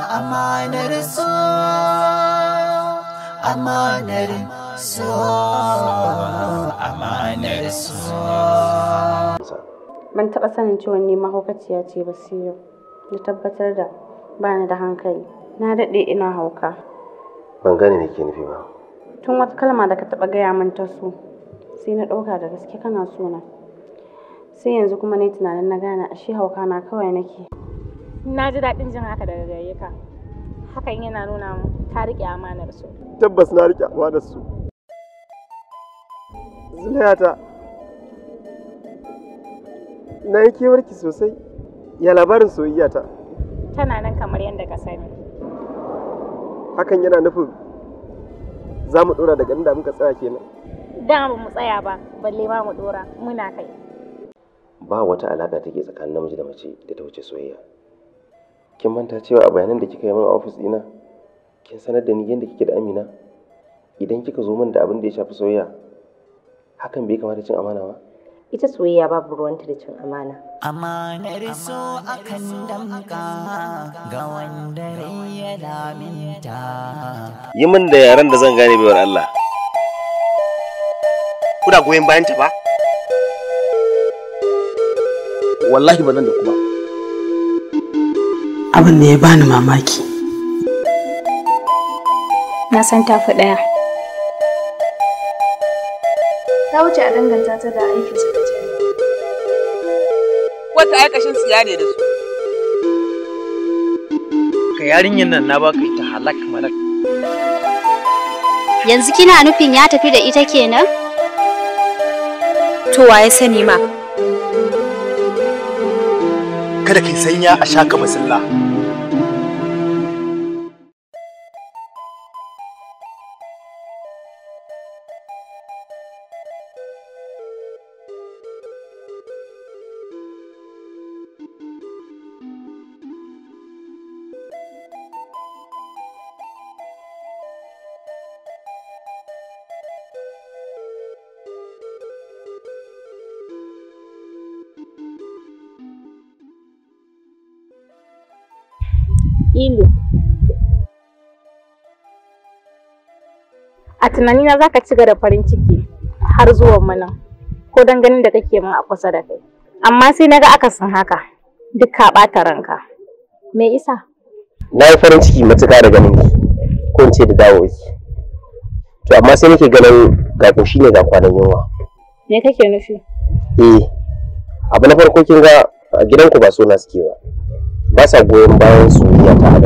Amanar amanar amanar Ban taɓa sanin cewa ni mahaukaciya ce ba sai yau. Na tabbatar da bani da hankali. Na daɗe ina hauka. Ban gane me ke nufi ba. Tun wata kalma da ka taɓa gaya min ta su sai na ɗauka da gaske kana suna Sai yanzu kuma ne tunanin na gane ashe hauka na kawai nake. na ji daɗin jin haka daga gare ka hakan yana nuna mu ka riƙe amanar su tabbas na riƙe amanar su zulayata na yi kewarki sosai ya labarin soyayyata. tana nan kamar yadda ka sani hakan yana nufin za mu ɗora daga inda muka tsaya kenan da ba mu tsaya ba balle ma mu ɗora muna kai ba wata alaƙa take tsakanin namiji da mace da ta wuce soyayya kin manta cewa a bayanan da kika yi min a ofis ɗina kin sanar da ni yadda kike da Amina idan kika zo min da abin da ya shafi soyayya hakan bai kamata cin amana ba ita soyayya babu ruwanta da cin amana amanar so akan damka ga wanda ya yi min da yaran da zan gane baiwar Allah kuna goyon bayanta ba wallahi ba nan da kuma abin da ya bani mamaki na san tafi ɗaya ta wuce a danganta ta da aiki su da jami'a wata aikashin su yare da su ka yarinyar nan na baka ita halak malak yanzu kina nufin ya tafi da ita kenan to waye sani ma kada ki sanya a shaka masalla. a tunanina za ka ci da farin ciki har zuwa mana ko dan ganin da kake min a kusa da kai amma sai naga akasin haka duk ka bata ranka me isa na yi farin ciki matuƙa da ganin ki ko ce da dawo ki to amma sai nake ganin ga ƙoshi ne ga kwanan yunwa me kake nufi eh abu na farko kin ga a gidanku ba so na suke ba ba sa goyon bayan ya ta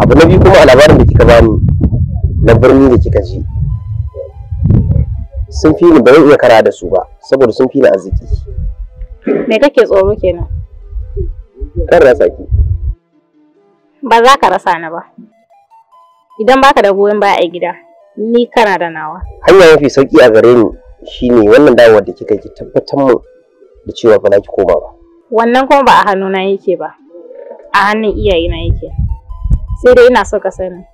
abu na biyu kuma a labarin da kika bani na birni da kika ji sun fi ni ba zan iya kara da su ba saboda sun fi ni arziki me kake tsoro kenan kan rasa ki ba za ka rasa ni ba idan baka da goyon baya a gida ni kana da nawa hanya mafi sauki a gare ni shine wannan dawowar da kika ki tabbatar mu da cewa ba za ki koma ba wannan kuma ba a hannuna yake ba a hannun iyayena yake sai dai ina so ka sani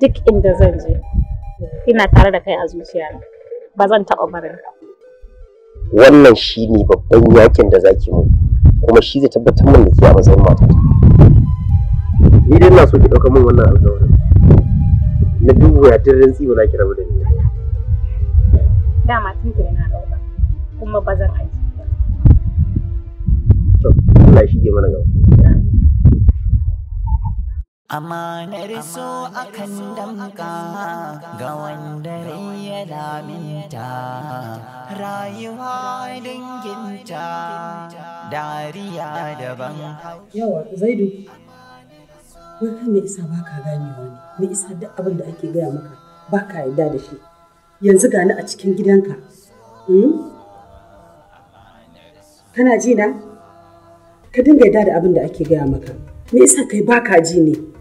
duk inda zan je ina tare da kai a zuciya ba zan taɓa barin ka wannan shi ne babban yakin da zaki mu kuma shi zai tabbatar mun da ke a matsayin matata ni dai ina so ki ɗauka min wannan alƙawarin na duk wayatun rantsi ba za ki rabu da ni dama tun ta yana ɗauka kuma ba zan aiki ba. Allah shi ke mana gaba. Amanar a akan damka ga wanda ya laminta rayuwa danginta dariya daban. Yawa zaidu, wai kan mai isa ba ka gane wani, me isa duk abin da ake gaya maka ba ka yarda da shi. Yanzu gani a cikin gidanka. Hmm? Kana ji na? Ka dinga yarda da abin da ake gaya maka. Me isa kai ba ka ji ne?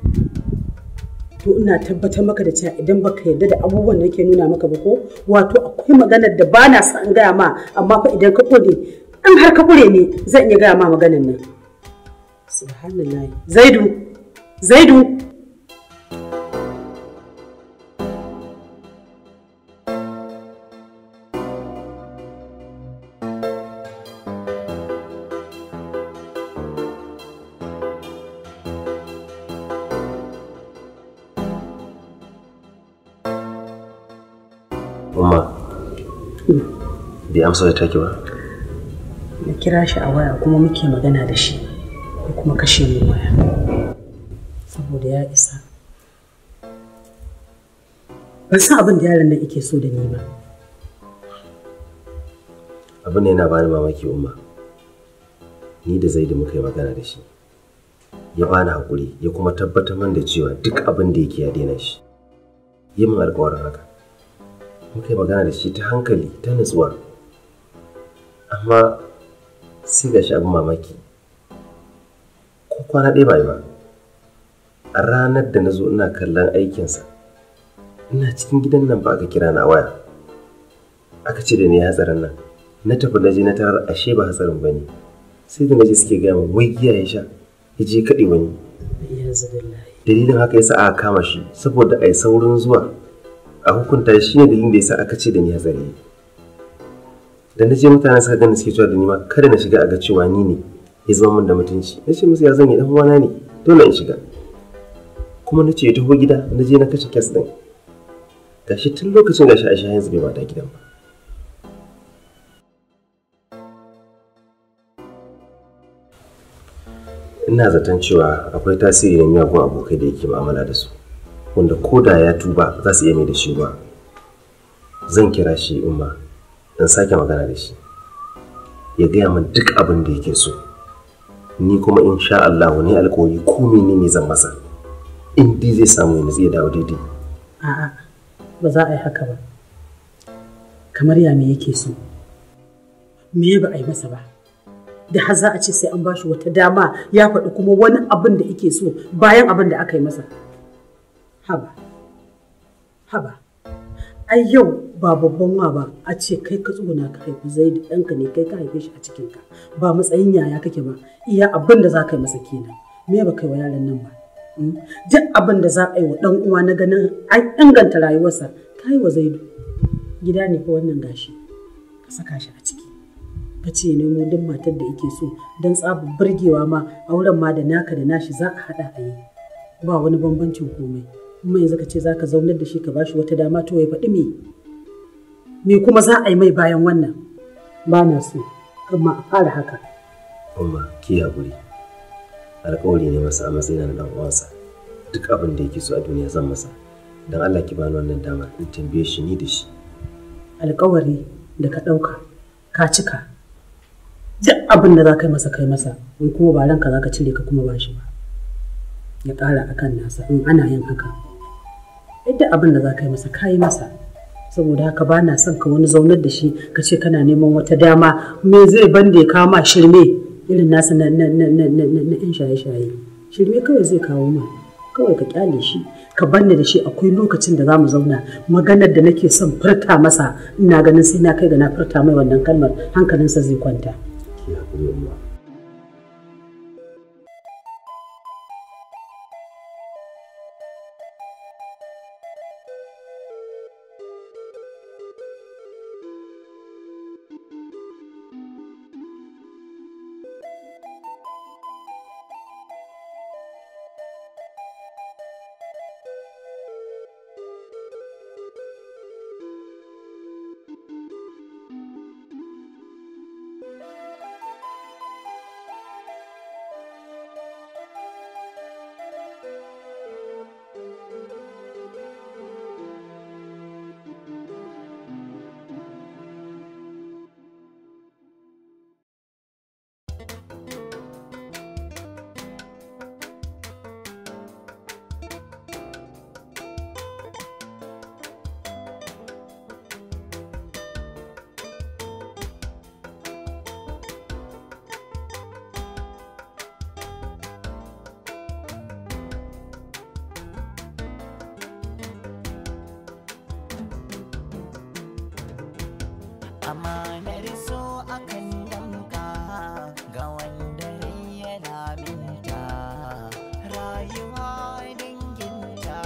to ina tabbatar maka da cewa idan baka yarda da abubuwan da yake nuna maka ba ko wato akwai maganar da ba na sa gaya ma amma fa idan ka kore in har ka kure ne zan iya gaya ma maganar nan subhanallah zaidu zaidu bai amsa da take ba na kira shi a waya kuma muke magana da shi ko kuma kashe mu waya saboda ya isa ban san abin da yaran nan yake so da ni ba abin ne yana bani mamaki umma ni da zai muka yi magana da shi ya bani hakuri ya kuma tabbatar man da cewa duk abin da yake ya daina shi yi min alkawarin haka muka yi magana da shi ta hankali ta nutsuwa amma sai ga shi abin mamaki ko kwana ɗaya ba ba a ranar da na zo ina kallon aikinsa ina cikin gidan nan ba aka kira na waya aka ce da ni hatsarin nan na tafi na je na tarar ashe ba hatsarin ba ne sai da na je suke gaya ma wai giya ya sha ya je kaɗe wani dalilin haka yasa aka kama shi saboda a yi saurin zuwa a hukunta shi ne dalilin da yasa aka ce da ni hatsari da na je mutane suka gani suke cewa da nima, kada na shiga a ga cewa ni ne ya zama min da mutunci na ce musu ya zan yi dan uwana ne dole in shiga kuma na ce ya taho gida na je na kashe kes din gashi tun lokacin gashi a zube ba ta gidan ba ina zaton cewa akwai tasiri na miyagun abokai da yake ma'amala da su wanda ko da ya tuba za su iya mai da shi ba zan kira shi umma in sake magana da shi ya gaya min duk abin da yake so ni kuma in sha Allah ne alkawari ko ne zan masa in dai zai samu yanzu ya dawo daidai a'a ba za a yi haka ba kamar ya me yake so me ba a yi masa ba da har za a ce sai an ba shi wata dama ya faɗi kuma wani abin da yake so bayan abin da aka yi masa haba haba ai yau ba babban wa ba a ce kai ka tsuguna ka haifi zai da ɗanka ne kai ka haife shi a cikinka ba matsayin yaya kake ba iya abin da za ka yi masa kenan me ba kai wa yaran nan ba hmm? duk abin da za a yi wa ɗan uwa na ganin an inganta rayuwarsa ka yi wa zaidu gida ne ko wannan gashi ka saka shi a ciki ka ce nemo duk matar da yake so don tsabin burgewa ma auren ma da naka da nashi za a haɗa a yi ba wani bambancin komai kuma yanzu ka ce za ka zaunar da shi ka bashi wata dama to ya faɗi me me kuma za a yi mai bayan wannan ba na so amma a fara haka amma ki haƙuri alƙawari ne masa a matsayin na dan uwansa duk abin da yake so a duniya zan masa dan Allah ki bani wannan dama. in tambaye shi ni da shi alƙawari da ka ɗauka ka cika duk abin da za ka yi masa kai masa in kuma ba ranka za ka cire ka kuma ba shi ba ya ƙara akan nasa in ana yin haka duk abin da za ka yi masa ka yi masa saboda haka ba na son ka wani zaunar da shi ka ce kana neman wata dama me zai ban da ya kawo ma shirme irin nasa na yan shaye-shaye shirme kawai zai kawo ma kawai ka kyale shi ka ban da shi akwai lokacin da za mu zauna maganar da nake son furta masa ina ganin sai na kai ga na furta mai wannan kalmar hankalinsa zai kwanta. amanar so akan damka ga wanda ya laminta rayuwa ta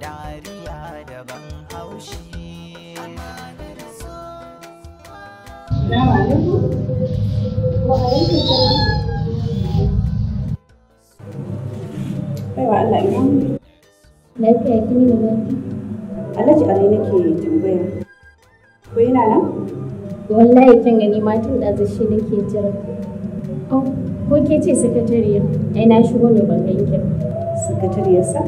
dariya daban haushi Allah ne nake tambaya. Ko yana nan? wallahi kin gani ma tun da shi nake jira oh ko ke ce sakatariya ai na shigo ne ban ganki sakatariyar sa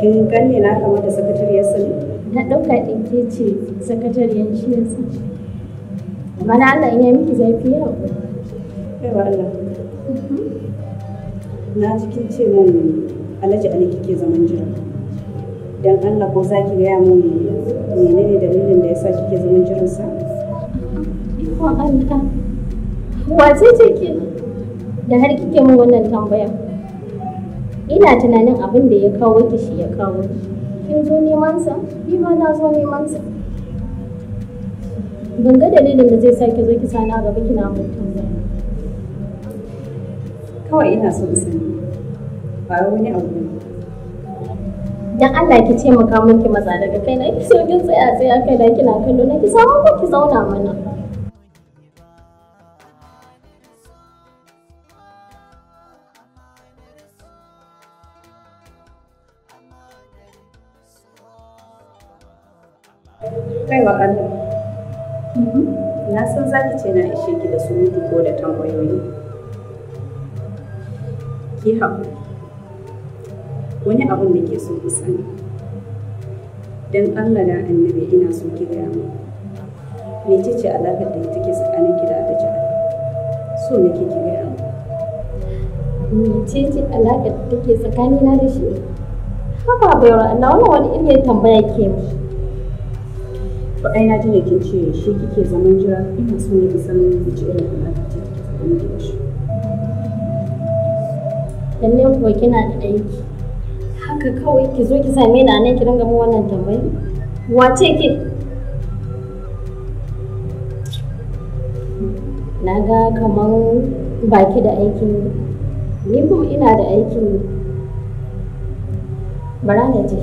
kin ganne na kama da sakatariyar sa ne na dauka din ke ce sakatariyar shi yasa amma na Allah in ya miki zafi yawa. ko kai ba Allah na cikin ce mun alaji alaki ke zaman jira don Allah ko za ki gaya mun menene dalilin da yasa kike zaman jiran sa ikon Allah wace ce ke da har kike mun wannan tambaya ina tunanin abin da ya kawo ki shi ya kawo ki kin zo neman sa ni ma na zo neman sa ban ga dalilin da zai sa ki zo ki sana gaba kina mutum kawai ina so sani ba wani abu ne dan Allah ki taimaka maka ki maza daga kai na ki so kin tsaya tsaya kai da kina kallo na ki samu ko ki zauna mana kai wa mhm. na san zaki ce na ishe ki da surutu ko da tambayoyi ki haƙu wani abin da ke so ku sani don allah da annabi ina so ki gaya mu mece ce alaƙar da take tsakanin ki da jihar? so nake ki gaya mu mece ce alaƙar da take tsakanina da shi haba bayar allah wannan wani irin tambaya ke mu to ai na ji ne kin ce shi kike zaman jira ina so ne ki san ki ce irin alaƙar da take tsakanin ki da shi lalle kuwa kina da aiki haka kawai ki zo ki same ni a nan ki dinga mu wannan tambayi wace ke na ga kamar baki da aikin ni kuma ina da aikin bara na je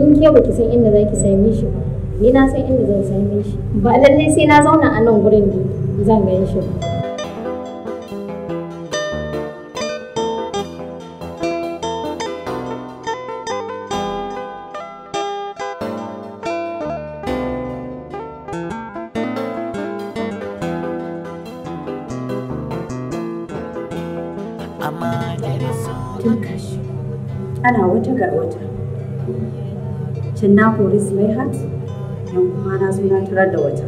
in ke ki san inda za ki same shi ba ni na san inda zan same shi ba lallai sai na zauna a nan gurin zan gan shi ba tun na kori Sulaihat yan kuma na zo na tarar da wata.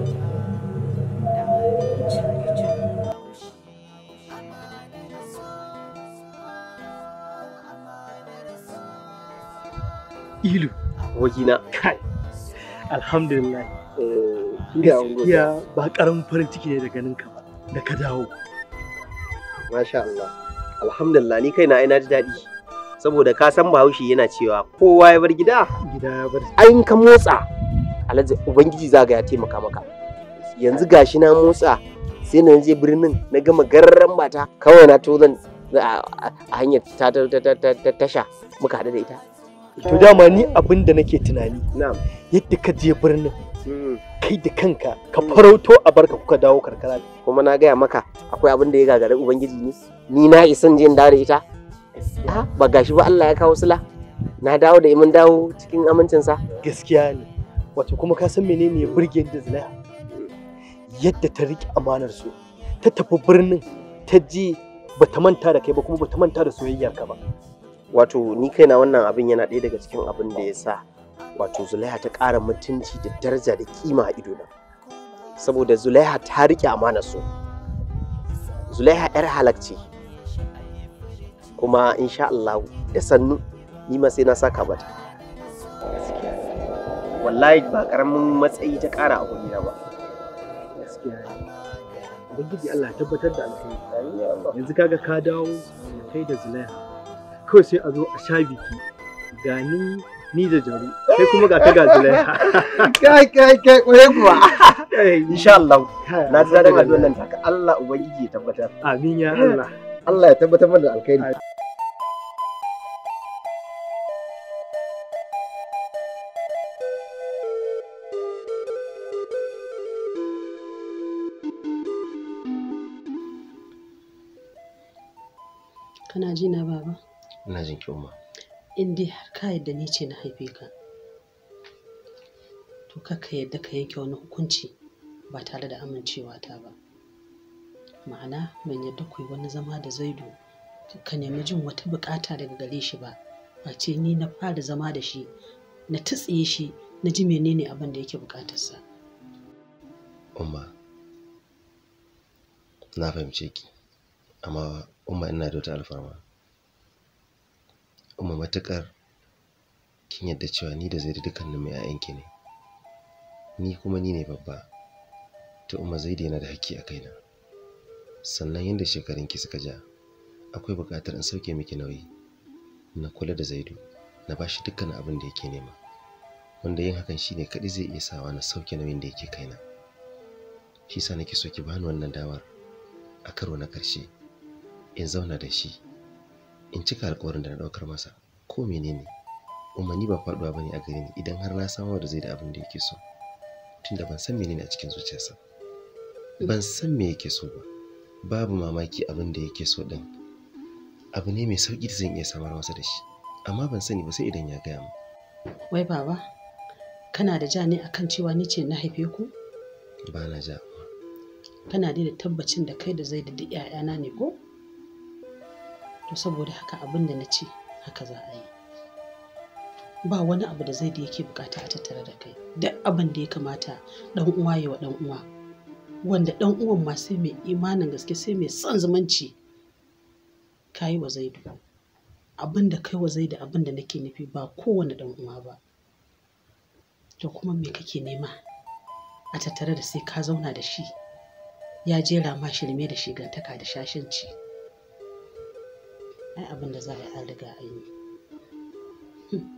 Ilu, wajina kai, alhamdulillah. Eh, Gaskiya ba karamin farin ciki ne da ganin ka ba, da ka dawo. Masha Allah, alhamdulillah ni kai na ji daɗi. saboda ka san bahaushe yana cewa kowa ya bar gida gida ya bar ayin ka motsa alhaji ubangiji zaga ya taimaka maka yanzu gashi na motsa sai na je birnin na gama garran mata kawai na to zan a hanyar tasha muka haɗu da ita to dama ni abin da nake tunani yadda ka je birnin hmm. kai da kanka ka hmm. farauto a barka kuka dawo karkara kuma na gaya maka akwai abinda ya gagari ubangiji ne ni na isan jin da ita ba gashi ba Allah ya kawo sula na dawo da mun dawo cikin amincinsa gaskiya ne wato kuma ka san menene ya burge da zulaiha yadda ta riƙe amanar su ta tafi birnin ta ji ta manta da kai ba kuma ba ta manta da soyayyar ka ba wato ni kaina wannan abin yana ɗaya daga cikin abin da ya sa wato zulaiha ta ƙara mutunci da daraja da kima a idona saboda zulaiha ta riƙe amanar su zulaiha 'yar halakci kuma insha Allah da sannu ni ma sai na saka ba ta wallahi ba karamin matsayi ta kara a gurina ba gaskiya ubangiji Allah ya tabbatar da alkhairi yanzu kaga ka dawo kai da zulaiha kawai sai a zo a sha biki gani ni da jaru sai kuma ga ta ga zulaiha kai kai kai kwaye kuwa insha Allah na ji daga wannan nan taka Allah ubangiji ya tabbatar amin ya Allah Allah ya tabbatar mana da alkhairi kana ji na baba ina jin ki umma in dai har ka yadda ni ce na haife ka to ka yadda ka yanke wani hukunci ba tare da amincewa ta ba ma'ana ban yadda ku yi wani zama da zaidu ka nemi jin wata bukata daga gare shi ba ce ni na fara zama da shi na tatsiye shi na ji menene abin da yake bukatarsa umma na fahimce ki amma umma ina da wata alfarma umma matukar kin yadda cewa ni da zaidu dukkanin mai 'ya'yanki ne ni kuma ni ne babba ta umma zaidu yana da haƙƙi a kaina sannan yadda shekarunki suka ja akwai buƙatar in sauke miki nauyi na kula da zaidu na ba shi dukkan abin da yake nema wanda yin hakan shine kaɗai zai iya sawa na sauke nauyin da yake kaina shi sa nake so ki bani wannan damar a karo na ƙarshe in zauna da shi in cika alƙawarin da na ɗaukar masa ko menene umarni ba faɗuwa bane a gare ni idan har na samar da zai da abin da yake so tunda ban san menene a cikin zuciyarsa ban san me yake so ba babu mamaki abin da yake so ɗin abu ne mai sauƙi da zan iya samar masa da shi amma ban sani ba sai idan ya gaya mu wai baba kana da ja ne akan cewa ni ce na haife ku ba na ja kana da tabbacin da kai da zai da duk ‘ya'yana ne ko to saboda haka abin da na ce haka za a yi ba wani abu da zai da yake bukata a tattare da kai duk abin da ya kamata ɗan uwa ya wa ɗan uwa wanda ɗan uwan ma sai mai imanin gaske sai mai son zumunci ka wa zaidu abin da kai wa zaidu abin da nake nufi ba kowane ɗan uwa ba to kuma me kake nema a tattare da sai ka zauna da shi ya jera ma shirme da shigantaka da shashanci ai abin da za a yi an riga a yi hmm.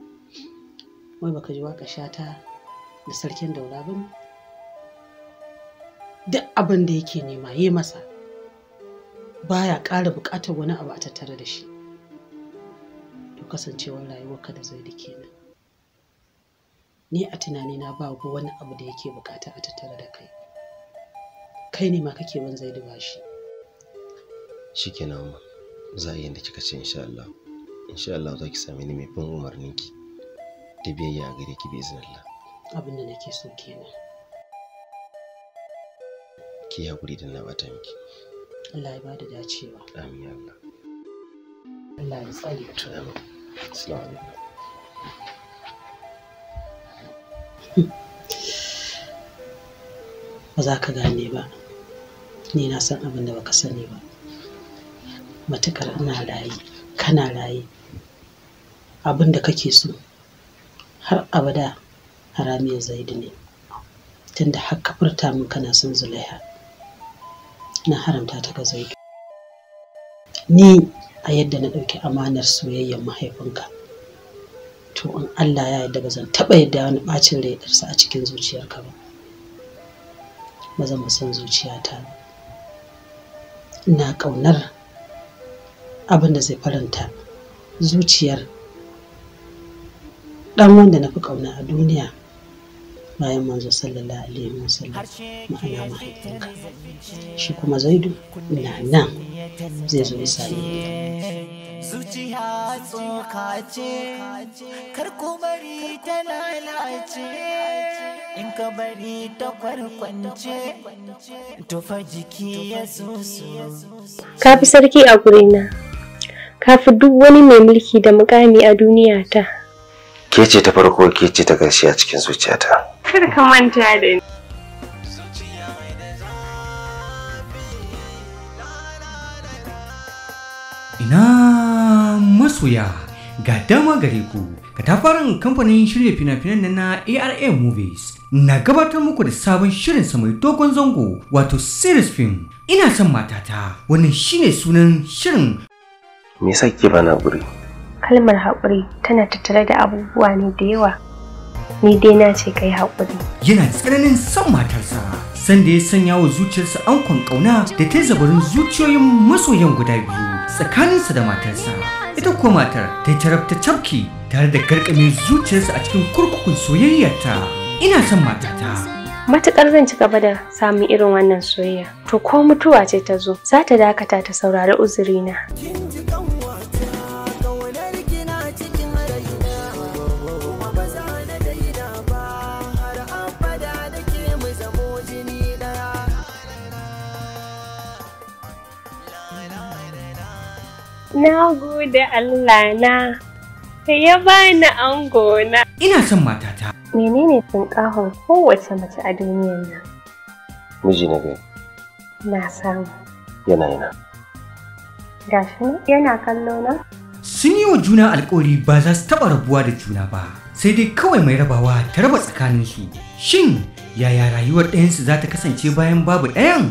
wai baka ji waka shata da sarkin daura ba duk abin da yake nema yi masa baya ƙara buƙatar wani abu a tattare da shi to kasancewar rayuwarka da zai da kenan ni a tunanina babu wani abu da yake buƙata a tattare da kai kai ne ma kake wani zai da shi shikenan za a yi yadda kika ce insha Allah insha Allah za ki sami ni mai bin umarninki da biyayya a gare ki bi iznillah abin da nake so kenan ki hakuri da na bata miki Allah ya bada dacewa amin ya Allah Allah ya tsare ki assalamu alaikum ba za ka gane ba ni na san abin da baka sani ba matukar ina raye kana raye abin da kake so har abada haramiyar zaidi ne tunda har ka furta min kana son zulaiha na haramta ta ga zaidu ni a yadda na ɗauki amanar soyayyar mahaifinka to in Allah ya yarda ba zan taɓa yadda wani ɓacin rai ɗarsa a cikin zuciyarka ba ba zan ba san zuciyata ba ina ƙaunar abin da zai faranta zuciyar ɗan wanda na fi ƙauna a duniya bayan manzo sallallahu alaihi sallam ma'ana mahaifinka shi kuma zaidu na nan zai zo isa zuciya tsoka ce kar ku bari ta lalace in ka bari ta kwarkwance tufa jiki ya susu ka fi sarki a gurina ka fi duk wani mai mulki da mukami a duniya ta ke ce ta farko ke ce ta ƙarshe a cikin zuciyata Kada ka manta da ni. Ina masoya ga dama gare ku katafaren kamfanin shirya fina-finan na ARA Movies na gabatar muku da sabon shirin sa mai dogon zango wato series film ina son matata wannan shine sunan shirin me yasa ke bana guri kalmar haƙuri tana tattare da abubuwa ne da yawa ni dai na ce kai haƙuri. Yana tsananin son matarsa, sanda ya sanya wa zuciyarsa ankon ƙauna da ta zabarin zuciyoyin masoyan guda biyu tsakaninsa da matarsa. Ita kuwa matar ta tarabta tafki tare da karkame zuciyarsa a cikin kurkukun soyayyarta. Ina son matata. Matuƙar zan ci gaba da samun irin wannan soyayya, to ko mutuwa ce ta zo, za ta dakata ta saurari uzurina. Na gode Allah na, ka ya bani ango na. Ina son matata. Menene tunƙahon kowace mace a duniyar nan? Miji na gai. Na samu. Yana yana. Gashi yana kallo na? Sun yi wa juna alƙawari ba za su taɓa rabuwa da juna ba, sai dai kawai mai rabawa ta raba tsakaninsu. Shin yaya rayuwar ɗayansu za ta kasance bayan babu ɗayan?